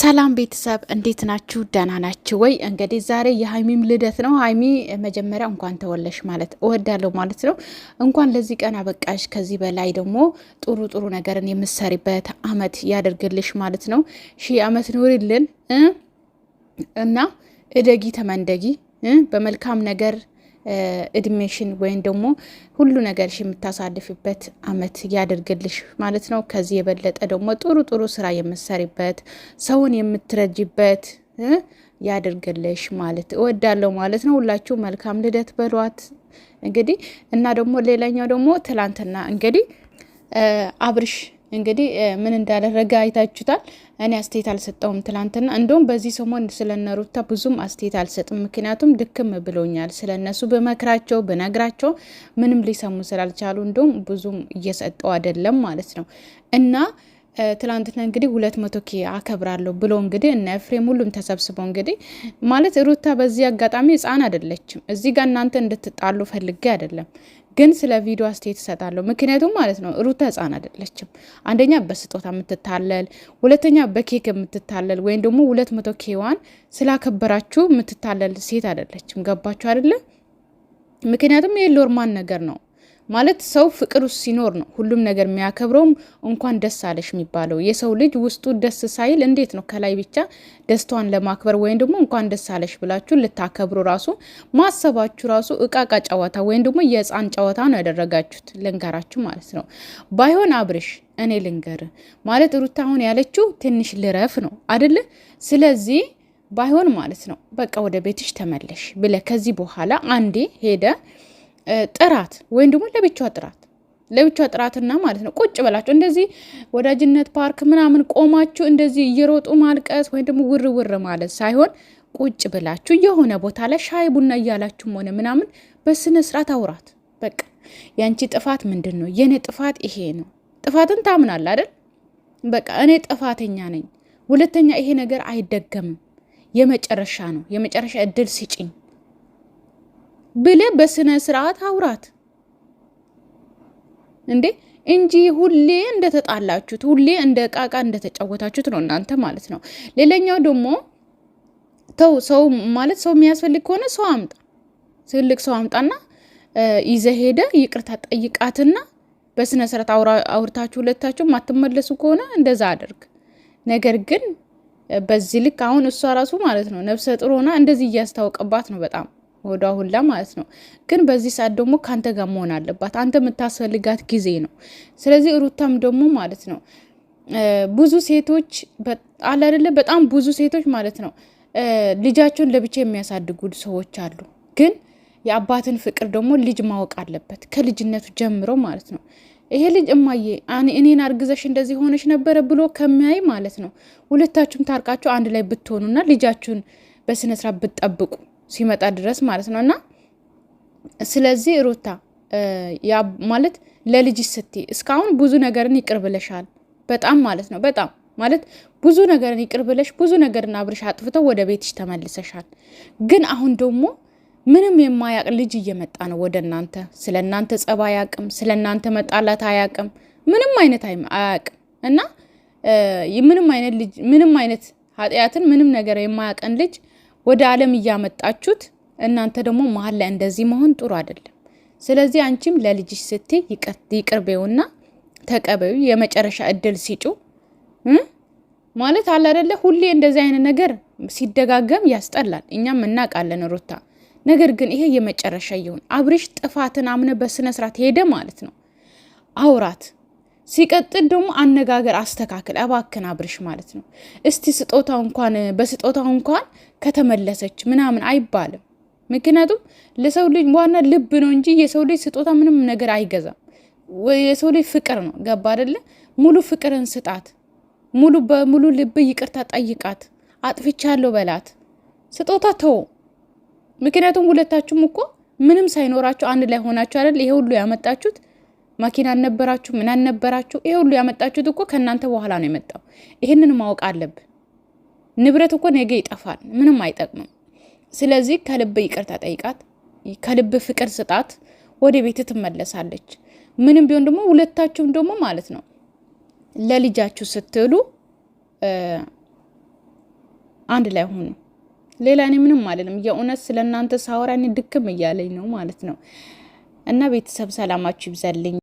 ሰላም ቤተሰብ እንዴት ናችሁ? ደህና ናችሁ ወይ? እንግዲህ ዛሬ የሀይሚም ልደት ነው። ሀይሚ መጀመሪያ እንኳን ተወለሽ ማለት እወዳለሁ ማለት ነው። እንኳን ለዚህ ቀን አበቃሽ። ከዚህ በላይ ደግሞ ጥሩ ጥሩ ነገርን የምሰሪበት አመት ያደርግልሽ ማለት ነው። ሺ አመት ኑሪልን እና እደጊ ተመንደጊ በመልካም ነገር እድሜሽን ወይም ደግሞ ሁሉ ነገርሽ የምታሳልፍበት አመት ያደርግልሽ ማለት ነው። ከዚህ የበለጠ ደግሞ ጥሩ ጥሩ ስራ የምትሰሪበት ሰውን የምትረጅበት ያደርግልሽ ማለት እወዳለሁ ማለት ነው። ሁላችሁ መልካም ልደት በሏት እንግዲህ እና ደግሞ ሌላኛው ደግሞ ትላንትና እንግዲህ አብርሽ እንግዲህ ምን እንዳደረገ አይታችሁታል። እኔ አስተያየት አልሰጠውም ትላንትና። እንደውም በዚህ ሰሞን ስለነሩታ ብዙም አስተያየት አልሰጥም፣ ምክንያቱም ድክም ብሎኛል። ስለነሱ በመክራቸው በነግራቸው ምንም ሊሰሙ ስላልቻሉ እንደውም ብዙም እየሰጠው አይደለም ማለት ነው እና ትላንትና እንግዲህ ሁለት መቶ ኬ አከብራለሁ ብሎ እንግዲህ እነ ኤፍሬም ሁሉም ተሰብስበው እንግዲህ ማለት ሩታ በዚህ አጋጣሚ ህፃን አይደለችም። እዚህ ጋር እናንተ እንድትጣሉ ፈልጌ አይደለም፣ ግን ስለ ቪዲዮ አስተያየት እሰጣለሁ። ምክንያቱም ማለት ነው ሩታ ህፃን አይደለችም። አንደኛ በስጦታ የምትታለል፣ ሁለተኛ በኬክ የምትታለል ወይም ደግሞ ሁለት መቶ ኬዋን ስላከበራችሁ የምትታለል ሴት አይደለችም። ገባችሁ አይደለም? ምክንያቱም ይህ ሎርማን ነገር ነው ማለት ሰው ፍቅር ውስጥ ሲኖር ነው ሁሉም ነገር የሚያከብረውም እንኳን ደስ አለሽ የሚባለው። የሰው ልጅ ውስጡ ደስ ሳይል እንዴት ነው ከላይ ብቻ ደስታዋን ለማክበር ወይም ደግሞ እንኳን ደስ አለሽ ብላችሁ ልታከብሩ ራሱ ማሰባችሁ ራሱ እቃቃ ጨዋታ ወይም ደግሞ የህፃን ጨዋታ ነው ያደረጋችሁት። ልንገራችሁ ማለት ነው ባይሆን አብርሽ እኔ ልንገር ማለት ሩታ አሁን ያለችው ትንሽ ልረፍ ነው አደለ? ስለዚህ ባይሆን ማለት ነው በቃ ወደ ቤትሽ ተመለሽ ብለ ከዚህ በኋላ አንዴ ሄደ ጥራት ወይም ደግሞ ለብቻዋ ጥራት ለብቻ ጥራትና ማለት ነው። ቁጭ ብላችሁ እንደዚህ ወዳጅነት ፓርክ ምናምን ቆማችሁ እንደዚህ እየሮጡ ማልቀስ ወይም ደግሞ ውርውር ማለት ሳይሆን ቁጭ ብላችሁ የሆነ ቦታ ላይ ሻይ ቡና እያላችሁም ሆነ ምናምን በስነ ስርዓት አውራት። በቃ ያንቺ ጥፋት ምንድን ነው? የእኔ ጥፋት ይሄ ነው። ጥፋትን ታምናል አይደል? በቃ እኔ ጥፋተኛ ነኝ። ሁለተኛ ይሄ ነገር አይደገምም። የመጨረሻ ነው። የመጨረሻ እድል ስጭኝ ብለ በስነ ስርዓት አውራት እንዴ እንጂ ሁሌ እንደተጣላችሁት ሁሌ እንደ ቃቃ ዕቃ እንደተጫወታችሁት ነው እናንተ ማለት ነው። ሌላኛው ደግሞ ተው ሰው ማለት ሰው የሚያስፈልግ ከሆነ ሰው አምጣ፣ ትልቅ ሰው አምጣና ይዘ ሄደ ይቅርታ ጠይቃትና በስነ ስርዓት አውርታችሁ ሁለታችሁ ማትመለሱ ከሆነ እንደዛ አድርግ። ነገር ግን በዚህ ልክ አሁን እሷ ራሱ ማለት ነው ነፍሰ ጡር ሆና እንደዚህ እያስታወቀባት ነው በጣም ሆዷ ሁላ ማለት ነው። ግን በዚህ ሰዓት ደግሞ ከአንተ ጋር መሆን አለባት። አንተ የምታስፈልጋት ጊዜ ነው። ስለዚህ ሩታም ደግሞ ማለት ነው ብዙ ሴቶች አለ አይደለ? በጣም ብዙ ሴቶች ማለት ነው ልጃቸውን ለብቻ የሚያሳድጉ ሰዎች አሉ። ግን የአባትን ፍቅር ደግሞ ልጅ ማወቅ አለበት ከልጅነቱ ጀምሮ ማለት ነው። ይሄ ልጅ እማዬ እኔን አርግዘሽ እንደዚህ ሆነች ነበረ ብሎ ከሚያይ ማለት ነው ሁለታችሁም ታርቃችሁ አንድ ላይ ብትሆኑና ልጃችሁን በስነስርዓት ብትጠብቁ ሲመጣ ድረስ ማለት ነው። እና ስለዚህ ሩታ ያ ማለት ለልጅ ስቲ እስካሁን ብዙ ነገርን ይቅር ብለሻል። በጣም ማለት ነው በጣም ማለት ብዙ ነገርን ይቅር ብለሽ ብዙ ነገርን አብርሽ አጥፍተው ወደ ቤትሽ ተመልሰሻል። ግን አሁን ደግሞ ምንም የማያቅ ልጅ እየመጣ ነው ወደ እናንተ። ስለ እናንተ ጸባ አያቅም፣ ስለ እናንተ መጣላት አያቅም፣ ምንም አይነት አያቅም። እና ምንም አይነት ልጅ ምንም አይነት ኃጢአትን ምንም ነገር የማያቀን ልጅ ወደ ዓለም እያመጣችሁት እናንተ ደግሞ መሀል ላይ እንደዚህ መሆን ጥሩ አይደለም። ስለዚህ አንቺም ለልጅሽ ስቴ ይቅርቤውና ተቀበዩ። የመጨረሻ እድል ሲጩ ማለት አለ አይደለ? ሁሌ እንደዚህ አይነት ነገር ሲደጋገም ያስጠላል። እኛም እናውቃለን ሩታ። ነገር ግን ይሄ የመጨረሻ ይሁን። አብርሽ ጥፋትን አምነ በስነ ስርዓት ሄደ ማለት ነው። አውራት ሲቀጥል ደግሞ አነጋገር አስተካክል እባክን አብርሽ ማለት ነው። እስቲ ስጦታው እንኳን በስጦታው እንኳን ከተመለሰች ምናምን አይባልም። ምክንያቱም ለሰው ልጅ ዋና ልብ ነው እንጂ የሰው ልጅ ስጦታ ምንም ነገር አይገዛም። የሰው ልጅ ፍቅር ነው። ገባ አደለ? ሙሉ ፍቅርን ስጣት። ሙሉ በሙሉ ልብ ይቅርታ ጠይቃት። አጥፍቻለሁ በላት። ስጦታ ተው። ምክንያቱም ሁለታችሁም እኮ ምንም ሳይኖራችሁ አንድ ላይ ሆናችሁ አይደል ይሄ ሁሉ ያመጣችሁት። መኪና አልነበራችሁ ምን አልነበራችሁ፣ ይሄ ሁሉ ያመጣችሁት እኮ ከእናንተ በኋላ ነው የመጣው። ይህንን ማወቅ አለብ ንብረት እኮ ነገ ይጠፋል፣ ምንም አይጠቅምም። ስለዚህ ከልብ ይቅርታ ጠይቃት፣ ከልብ ፍቅር ስጣት፣ ወደ ቤት ትመለሳለች። ምንም ቢሆን ደግሞ ሁለታችሁም ደግሞ ማለት ነው ለልጃችሁ ስትሉ አንድ ላይ ሆኑ። ሌላ እኔ ምንም አልልም። የእውነት ስለ እናንተ ሳወራ እኔ ድክም እያለኝ ነው ማለት ነው። እና ቤተሰብ ሰላማችሁ ይብዛልኝ።